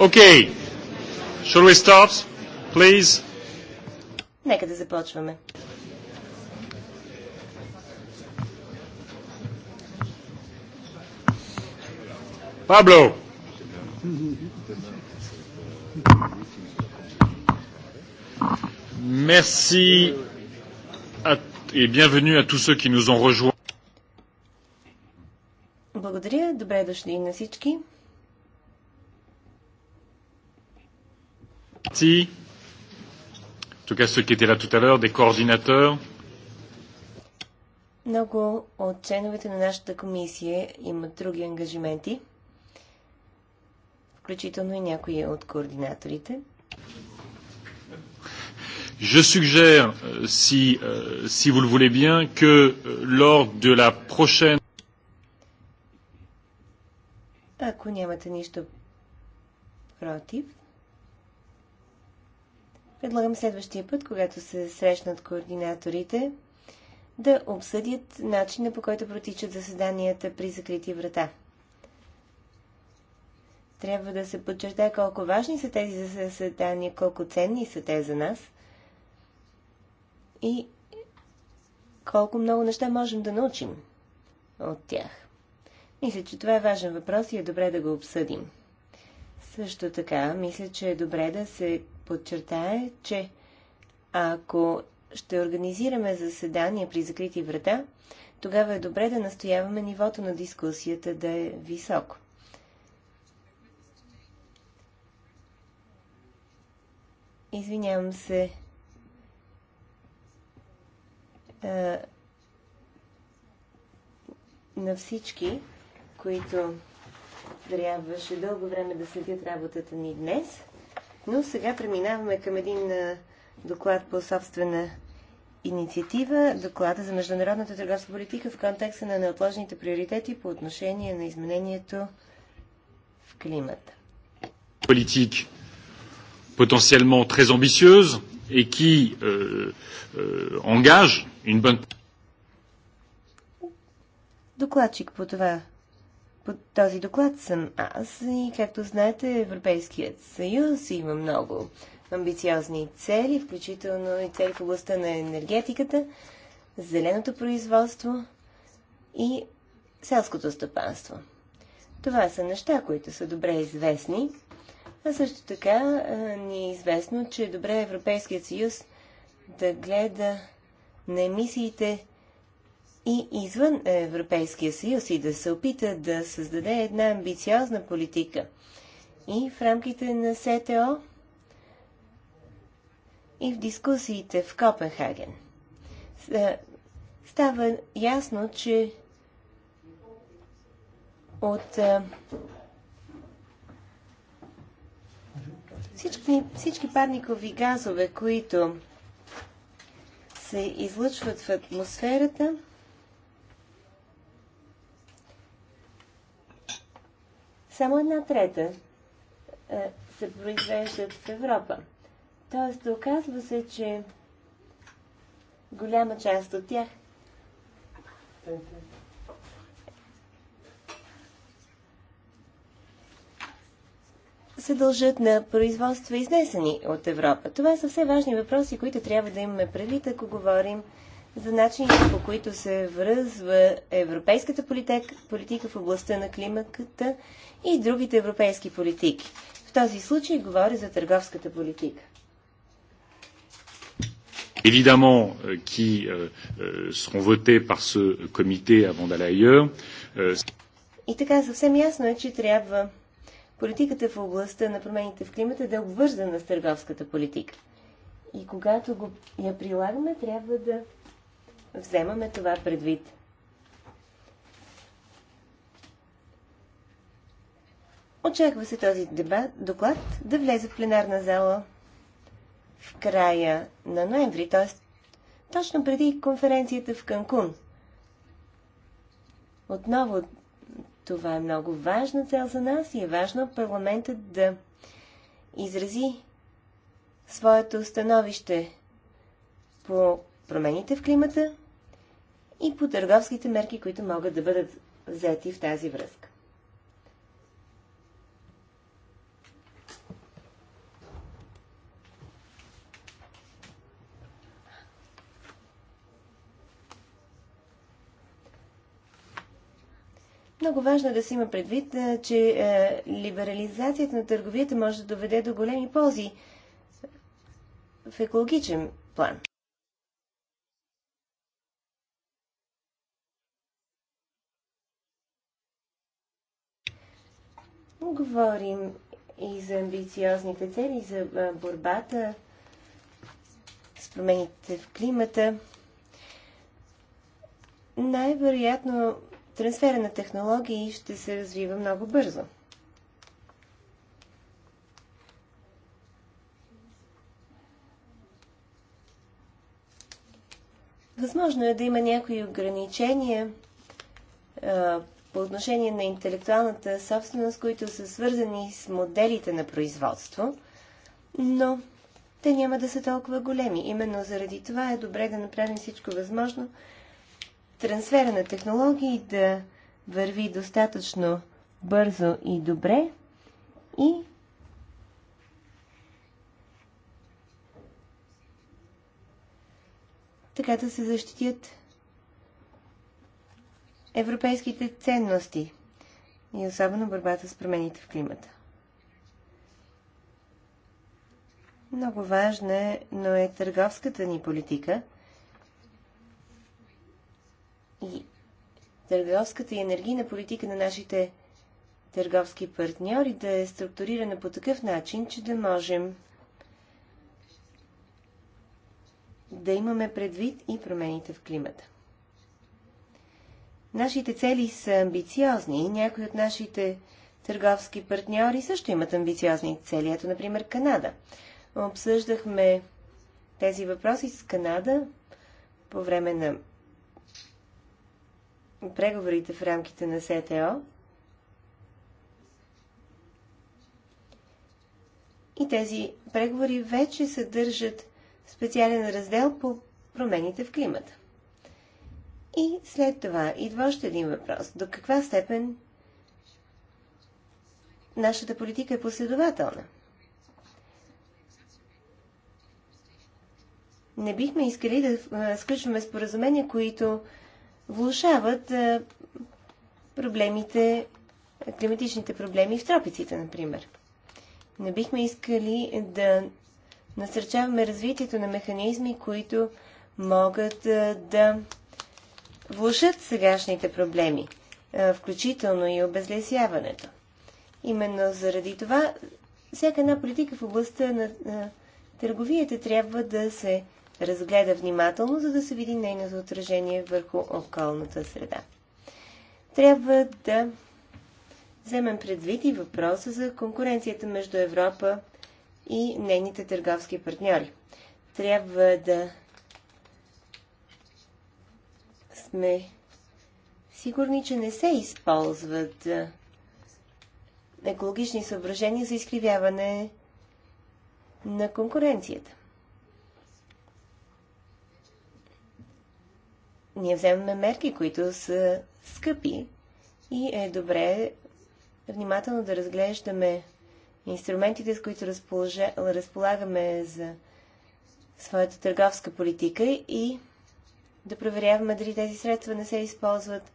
Okay. Shall we start, please? Нека да започваме. Pablo. Merci à, et bienvenue à tous ceux qui nous ont rejoints. Благодаря. Добре дошли на всички. Merci. En tout cas, ceux qui étaient là tout à l'heure, des coordinateurs. Много от членовете на нашата комисия имат други ангажименти, включително и някои от координаторите. Je suggère, euh, si, euh, si vous le voulez bien, que euh, lors de la prochaine. Ако нямате нищо против, Предлагам следващия път, когато се срещнат координаторите, да обсъдят начина по който протичат заседанията при закрити врата. Трябва да се подчертае колко важни са тези заседания, колко ценни са те за нас и колко много неща можем да научим от тях. Мисля, че това е важен въпрос и е добре да го обсъдим. Също така, мисля, че е добре да се подчертая, че ако ще организираме заседание при закрити врата, тогава е добре да настояваме нивото на дискусията да е високо. Извинявам се. Е, на всички, които трябваше дълго време да следят работата ни днес. Но сега преминаваме към един доклад по собствена инициатива, доклада за международната търговска политика в контекста на неотложните приоритети по отношение на изменението в климата. Политик potentiellement très ambitieuse et qui euh, euh, engage une bonne. Докладчик по това По този доклад съм аз и, както знаете, Европейският съюз има много амбициозни цели, включително и цели в областта на енергетиката, зеленото производство и селското стопанство. Това са неща, които са добре известни, а също така ни е известно, че е добре Европейският съюз да гледа на емисиите и извън Европейския съюз и да се опита да създаде една амбициозна политика и в рамките на СТО и в дискусиите в Копенхаген. Става ясно, че от всички, всички парникови газове, които се излъчват в атмосферата, Само една трета се произвеждат в Европа. Тоест, оказва се, че голяма част от тях се дължат на производства изнесени от Европа. Това са все важни въпроси, които трябва да имаме предвид, ако говорим за начините по които се връзва европейската политика, в областта на климата и другите европейски политики. В този случай говоря за търговската политика. Évidemment, qui euh, seront votés par ce comité avant d'aller ailleurs. И така съвсем ясно е, че трябва политиката в областта на промените в климата да е обвързана с търговската политика. И когато го, я прилагаме, трябва да вземаме това предвид. Очаква се този дебат, доклад да влезе в пленарна зала в края на ноември, т.е. точно преди конференцията в Канкун. Отново, това е много важна цел за нас и е важно парламентът да изрази своето становище по промените в климата и по търговските мерки, които могат да бъдат взети в тази връзка. Много важно да се има предвид, че либерализацията на търговията може да доведе до големи ползи в екологичен план. Говорим и за амбициозните цели, за борбата с промените в климата. Най-вероятно трансфера на технологии ще се развива много бързо. Възможно е да има някои ограничения по отношение на интелектуалната собственост, които са свързани с моделите на производство, но те няма да са толкова големи. Именно заради това е добре да направим всичко възможно трансфера на технологии да върви достатъчно бързо и добре и така да се защитят европейските ценности и особено борбата с промените в климата. Много важна е, но е търговската ни политика и търговската и енергийна политика на нашите търговски партньори да е структурирана по такъв начин, че да можем да имаме предвид и промените в климата. Нашите цели са амбициозни и някои от нашите търговски партньори също имат амбициозни цели. Ето, например, Канада. Обсъждахме тези въпроси с Канада по време на преговорите в рамките на СТО. И тези преговори вече съдържат специален раздел по промените в климата. И след това идва още един въпрос. До каква степен нашата политика е последователна? Не бихме искали да сключваме споразумения, които влушават проблемите, климатичните проблеми в тропиците, например. Не бихме искали да насърчаваме развитието на механизми, които могат да влушат сегашните проблеми, включително и обезлесяването. Именно заради това всяка една политика в областта на, на търговията трябва да се разгледа внимателно, за да се види нейното отражение върху околната среда. Трябва да вземем предвид и въпроса за конкуренцията между Европа и нейните търговски партньори. Трябва да сме сигурни, че не се използват екологични съображения за изкривяване на конкуренцията. Ние вземаме мерки, които са скъпи и е добре внимателно да разглеждаме инструментите, с които разполагаме за своята търговска политика и да проверяваме дали тези средства не се използват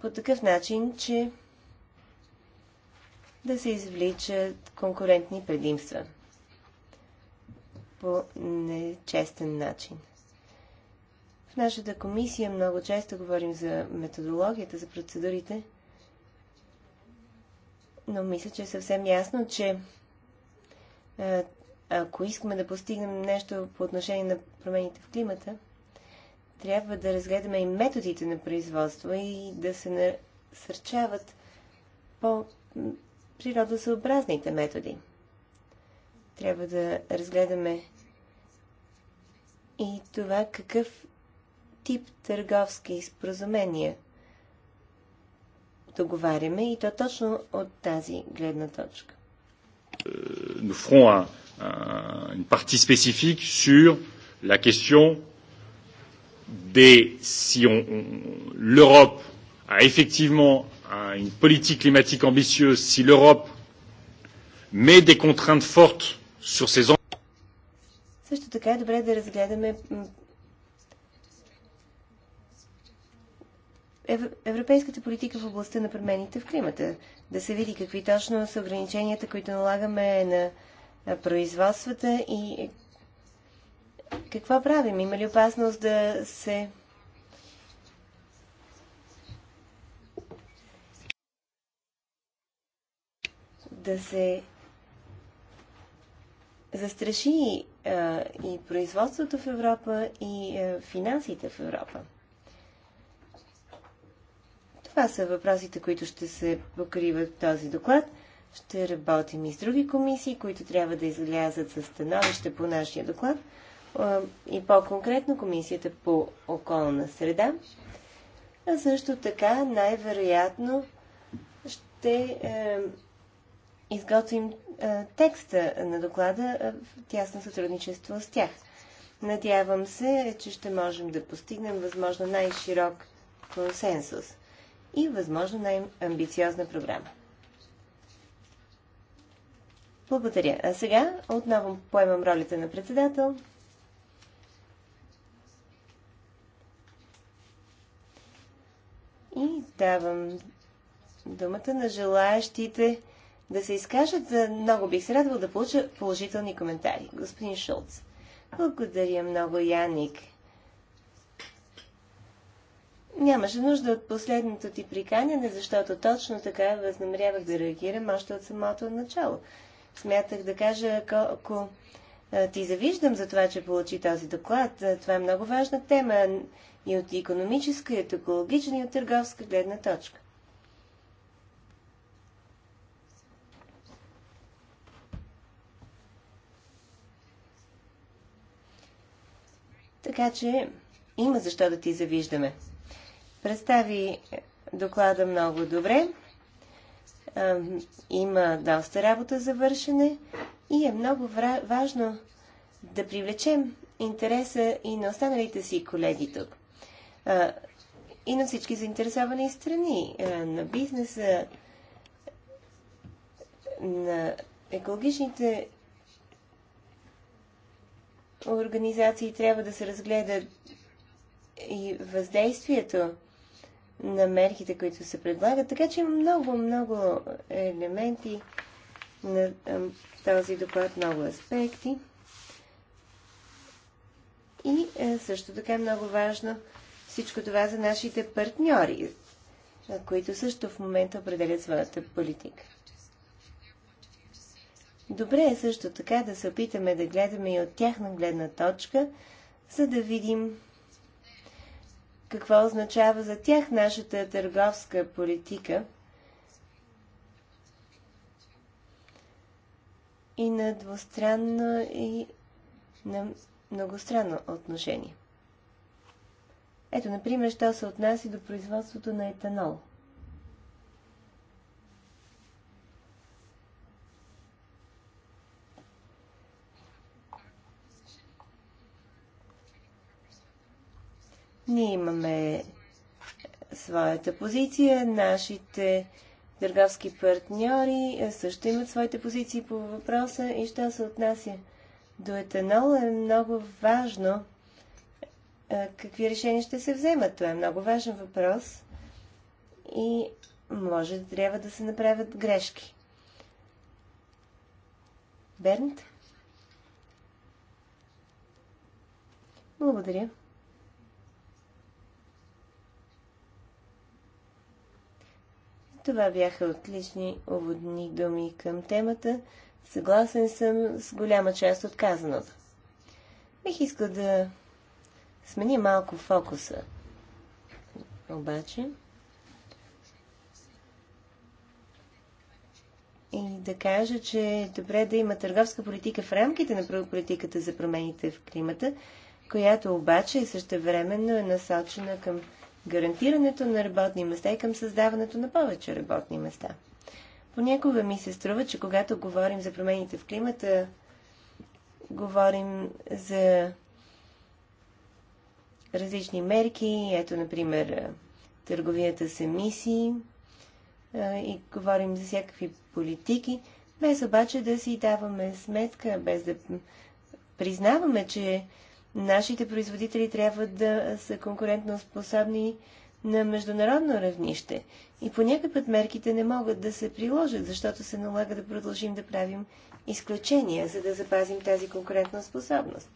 по такъв начин, че да се извличат конкурентни предимства по нечестен начин. В нашата комисия много често говорим за методологията, за процедурите, но мисля, че е съвсем ясно, че Ако искаме да постигнем нещо по отношение на промените в климата, трябва да разгледаме и методите на производство и да се насърчават по-природосъобразните методи. Трябва да разгледаме и това какъв тип търговски споразумения договаряме и то точно от тази гледна точка. Nous ferons un, Euh, une partie spécifique sur la question des si on, on l'Europe a effectivement un, une politique climatique ambitieuse, si l'Europe met des contraintes fortes sur ses европейската политика в областта на промените в климата. Да се види какви точно са ограниченията, които налагаме на производствата и каква правим? Има ли опасност да се да се застраши а, и производството в Европа, и а, финансите в Европа. Това са въпросите, които ще се покриват в този доклад. Ще работим и с други комисии, които трябва да излязат със становище по нашия доклад и по-конкретно комисията по околна среда. А също така най-вероятно ще е, изготвим е, текста на доклада в тясно сътрудничество с тях. Надявам се, че ще можем да постигнем възможно най-широк консенсус и възможно най-амбициозна програма. Благодаря. А сега отново поемам ролите на председател. И давам думата на желаящите да се изкажат. За много бих се радвал да получа положителни коментари. Господин Шулц. Благодаря много, Яник. Нямаше нужда от последното ти приканяне, защото точно така възнамерявах да реагирам още от самото начало смятах да кажа, ако ти завиждам за това, че получи този доклад. Това е много важна тема и от економическа, и от екологична, и от търговска гледна точка. Така че има защо да ти завиждаме. Представи доклада много добре има доста работа за вършене и е много важно да привлечем интереса и на останалите си колеги тук. И на всички заинтересовани страни, на бизнеса, на екологичните организации трябва да се разгледа и въздействието на мерките, които се предлагат. Така че има много, много елементи на този доклад, много аспекти. И също така е много важно всичко това за нашите партньори, които също в момента определят своята политика. Добре е също така да се опитаме да гледаме и от тяхна гледна точка, за да видим какво означава за тях нашата търговска политика. И на двустранно и на многостранно отношение. Ето, например, що се отнася до производството на етанол. снимаме своята позиция, нашите търговски партньори също имат своите позиции по въпроса и що се отнася до етанол е много важно какви решения ще се вземат. Това е много важен въпрос и може да трябва да се направят грешки. Бернт? Благодаря. Това бяха отлични уводни думи към темата. Съгласен съм с голяма част от казаното. Бих искал да смени малко фокуса. Обаче... И да кажа, че е добре да има търговска политика в рамките на политиката за промените в климата, която обаче същевременно е насочена към гарантирането на работни места и към създаването на повече работни места. Понякога ми се струва, че когато говорим за промените в климата, говорим за различни мерки, ето, например, търговията с емисии и говорим за всякакви политики, без обаче да си даваме сметка, без да признаваме, че нашите производители трябва да са конкурентно способни на международно равнище. И по някакъв път мерките не могат да се приложат, защото се налага да продължим да правим изключения, за да запазим тази конкурентна способност.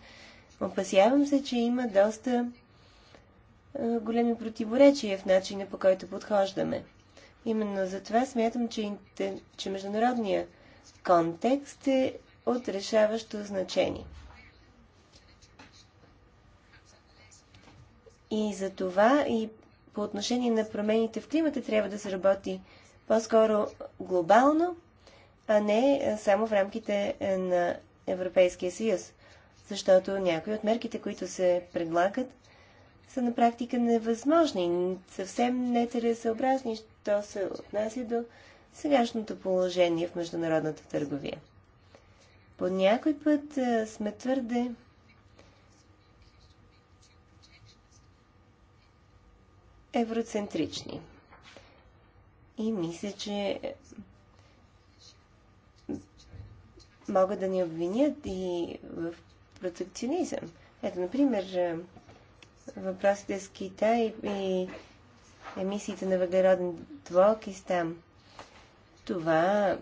Опасявам се, че има доста големи противоречия в начина по който подхождаме. Именно за това смятам, че, че международният контекст е от решаващо значение. И за това и по отношение на промените в климата трябва да се работи по-скоро глобално, а не само в рамките на Европейския съюз. Защото някои от мерките, които се предлагат, са на практика невъзможни, съвсем нецелесообразни, що се отнася до сегашното положение в международната търговия. По някой път сме твърде евроцентрични. И мисля, че могат да ни обвинят и в протекционизъм. Ето, например, въпросите с Китай и емисиите на въглероден двуокис там. Това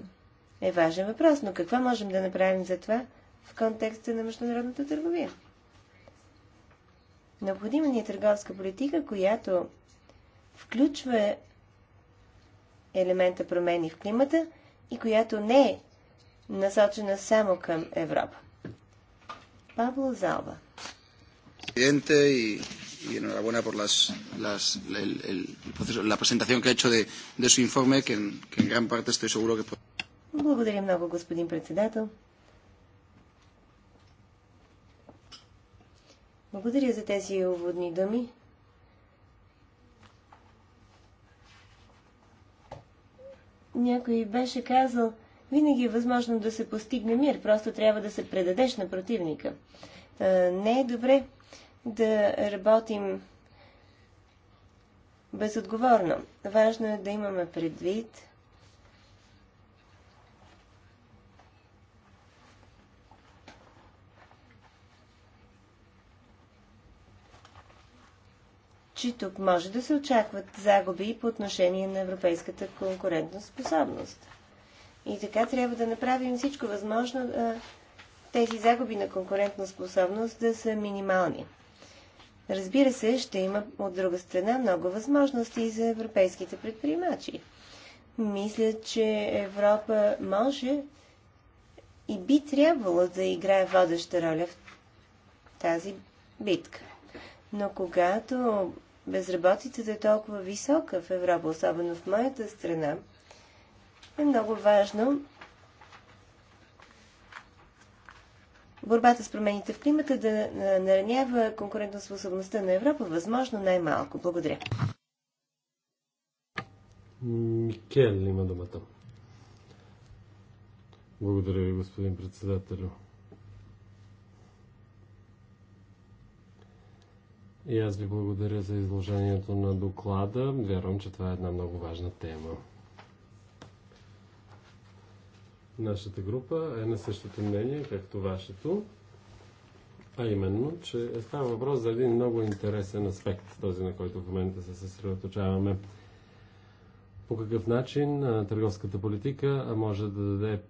е важен въпрос, но какво можем да направим за това в контекста на международната търговия? Необходима ни е търговска политика, която включва елемента промени в климата и която не е насочена само към Европа. Павло Залба. Presidente y, y enhorabuena por las, las, el, el proceso, la presentación que ha hecho de, de su informe, que en, que en gran parte estoy seguro que puede. господин председател. Благодаря за тези уводни думи. някой беше казал, винаги е възможно да се постигне мир, просто трябва да се предадеш на противника. Не е добре да работим безотговорно. Важно е да имаме предвид, че тук може да се очакват загуби по отношение на европейската конкурентна способност. И така трябва да направим всичко възможно тези загуби на конкурентна способност да са минимални. Разбира се, ще има от друга страна много възможности за европейските предприемачи. Мисля, че Европа може и би трябвало да играе водеща роля в тази битка. Но когато безработицата е толкова висока в Европа, особено в моята страна, е много важно борбата с промените в климата да наранява конкурентоспособността на Европа, възможно най-малко. Благодаря. Микел има думата. Благодаря ви, господин председателю. И аз ви благодаря за изложението на доклада. Вярвам, че това е една много важна тема. Нашата група е на същото мнение, както вашето. А именно, че е става въпрос за един много интересен аспект, този на който в момента се съсредоточаваме. По какъв начин търговската политика може да даде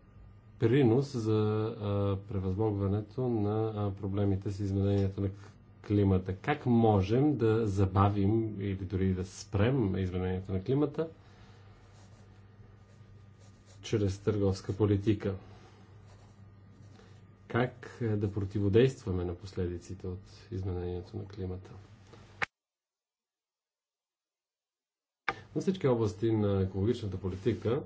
принос за превъзмогването на проблемите с изменението на климата. Как можем да забавим или дори да спрем изменението на климата чрез търговска политика? Как да противодействаме на последиците от изменението на климата? На всички области на екологичната политика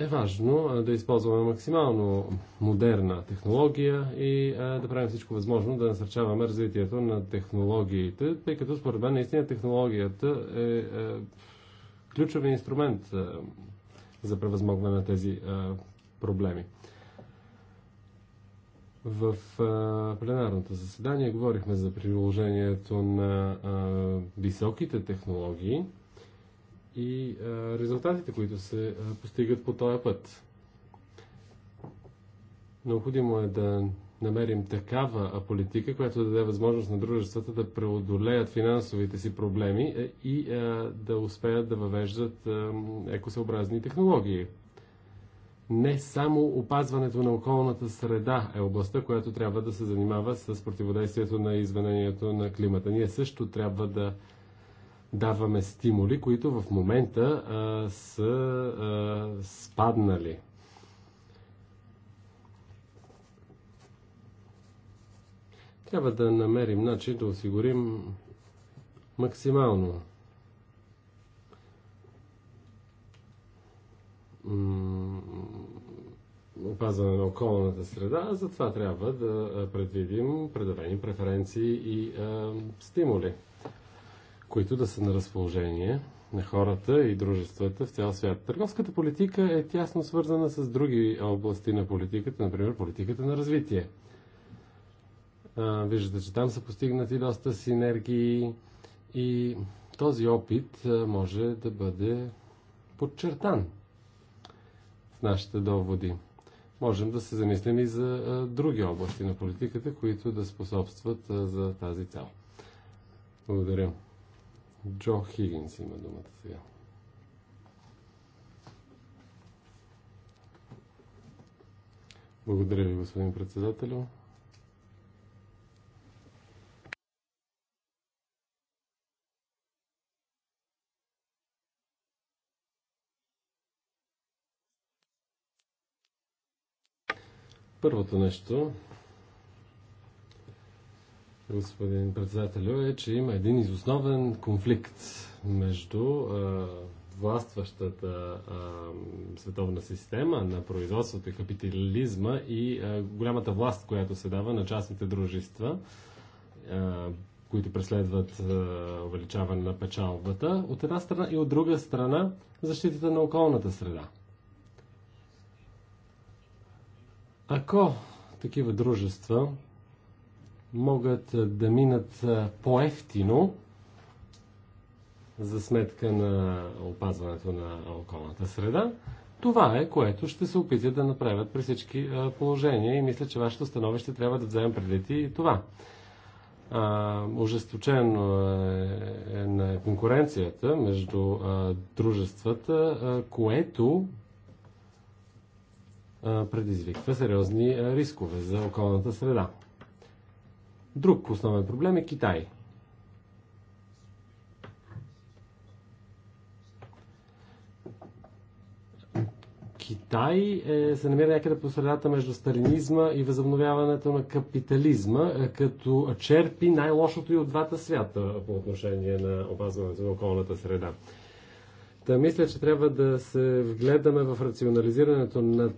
е важно да използваме максимално модерна технология и да правим всичко възможно да насърчаваме развитието на технологиите, тъй като според мен наистина технологията е ключов инструмент за превъзмогване на тези проблеми. В пленарното заседание говорихме за приложението на високите технологии и а, резултатите, които се а, постигат по този път. Необходимо е да намерим такава политика, която да даде възможност на дружествата да преодолеят финансовите си проблеми и а, да успеят да въвеждат а, екосъобразни технологии. Не само опазването на околната среда е областта, която трябва да се занимава с противодействието на изменението на климата. Ние също трябва да даваме стимули, които в момента а, са а, спаднали. Трябва да намерим начин да осигурим максимално опазване на околната среда, а затова трябва да предвидим предавени преференции и а, стимули които да са на разположение на хората и дружествата в цял свят. Търговската политика е тясно свързана с други области на политиката, например политиката на развитие. Виждате, че там са постигнати доста синергии и този опит може да бъде подчертан в нашите доводи. Можем да се замислим и за други области на политиката, които да способстват за тази цел. Благодаря. Джо Хигинс има думата сега. Благодаря ви, господин председателю. Първото нещо господин председател, е, че има един изосновен конфликт между а, властващата а, световна система на производството и капитализма и а, голямата власт, която се дава на частните дружества, а, които преследват а, увеличаване на печалбата, от една страна и от друга страна защитата на околната среда. Ако такива дружества могат да минат по-ефтино за сметка на опазването на околната среда. Това е, което ще се опитят да направят при всички положения и мисля, че вашето становище трябва да вземем предвид и това. А, ужесточено е на конкуренцията между а, дружествата, а, което а, предизвиква сериозни а, рискове за околната среда. Друг основен проблем е Китай. Китай е, се намира някъде по средата между старинизма и възобновяването на капитализма, като черпи най-лошото и от двата свята по отношение на опазването на околната среда. Та мисля, че трябва да се вгледаме в рационализирането на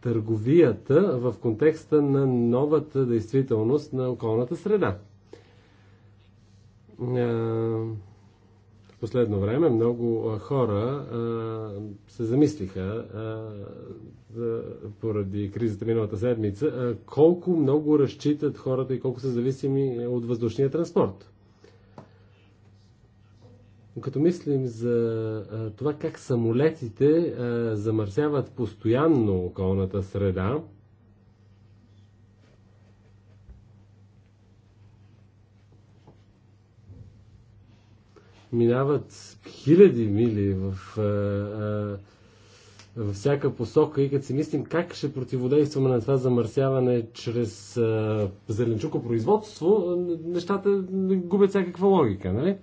търговията в контекста на новата действителност на околната среда. В последно време много хора се замислиха поради кризата миналата седмица колко много разчитат хората и колко са зависими от въздушния транспорт като мислим за това как самолетите замърсяват постоянно околната среда, минават хиляди мили в, в, в всяка посока и като си мислим как ще противодействаме на това замърсяване чрез зеленчукопроизводство, нещата губят всякаква логика, нали?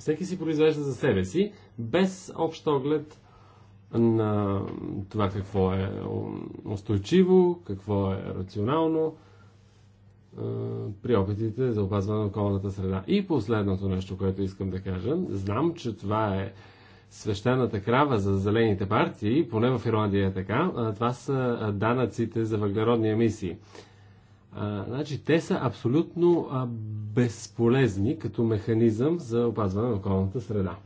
Всеки си произвежда за себе си, без общ оглед на това какво е устойчиво, какво е рационално при опитите за опазване на околната среда. И последното нещо, което искам да кажа, знам, че това е свещената крава за зелените партии, поне в Ирландия е така, това са данъците за въглеродни емисии. А, значи, те са абсолютно а, безполезни като механизъм за опазване на околната среда.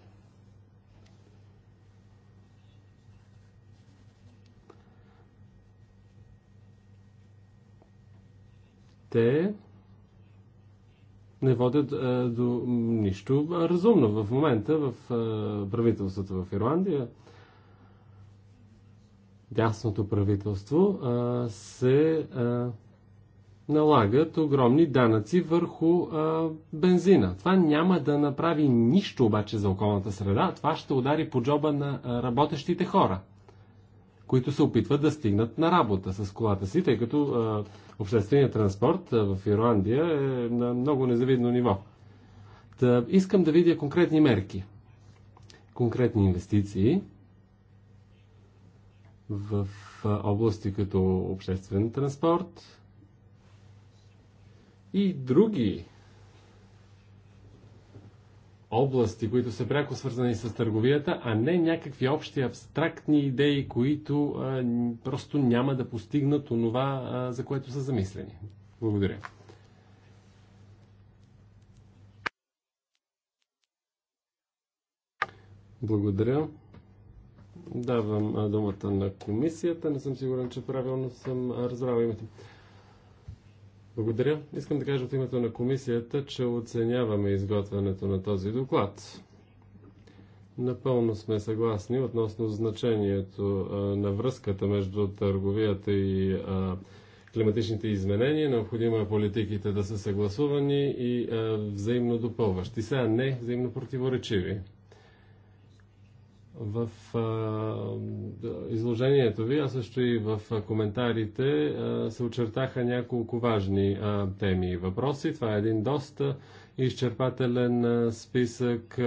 Те не водят а, до нищо разумно. В момента в а, правителството в Ирландия, дясното правителство, а, се а, налагат огромни данъци върху а, бензина. Това няма да направи нищо обаче за околната среда. Това ще удари по джоба на работещите хора, които се опитват да стигнат на работа с колата си, тъй като а, общественият транспорт а, в Ирландия е на много незавидно ниво. Та, искам да видя конкретни мерки, конкретни инвестиции в а, области като обществен транспорт, и други области, които са пряко свързани с търговията, а не някакви общи абстрактни идеи, които а, просто няма да постигнат онова, а, за което са замислени. Благодаря. Благодаря. Давам думата на комисията. Не съм сигурен, че правилно съм разбрал името. Благодаря. Искам да кажа от името на комисията, че оценяваме изготвянето на този доклад. Напълно сме съгласни относно значението на връзката между търговията и климатичните изменения. Необходимо е политиките да са съгласувани и взаимно допълващи, сега не взаимно противоречиви в изложението ви, а също и в коментарите, се очертаха няколко важни теми и въпроси. Това е един доста изчерпателен списък.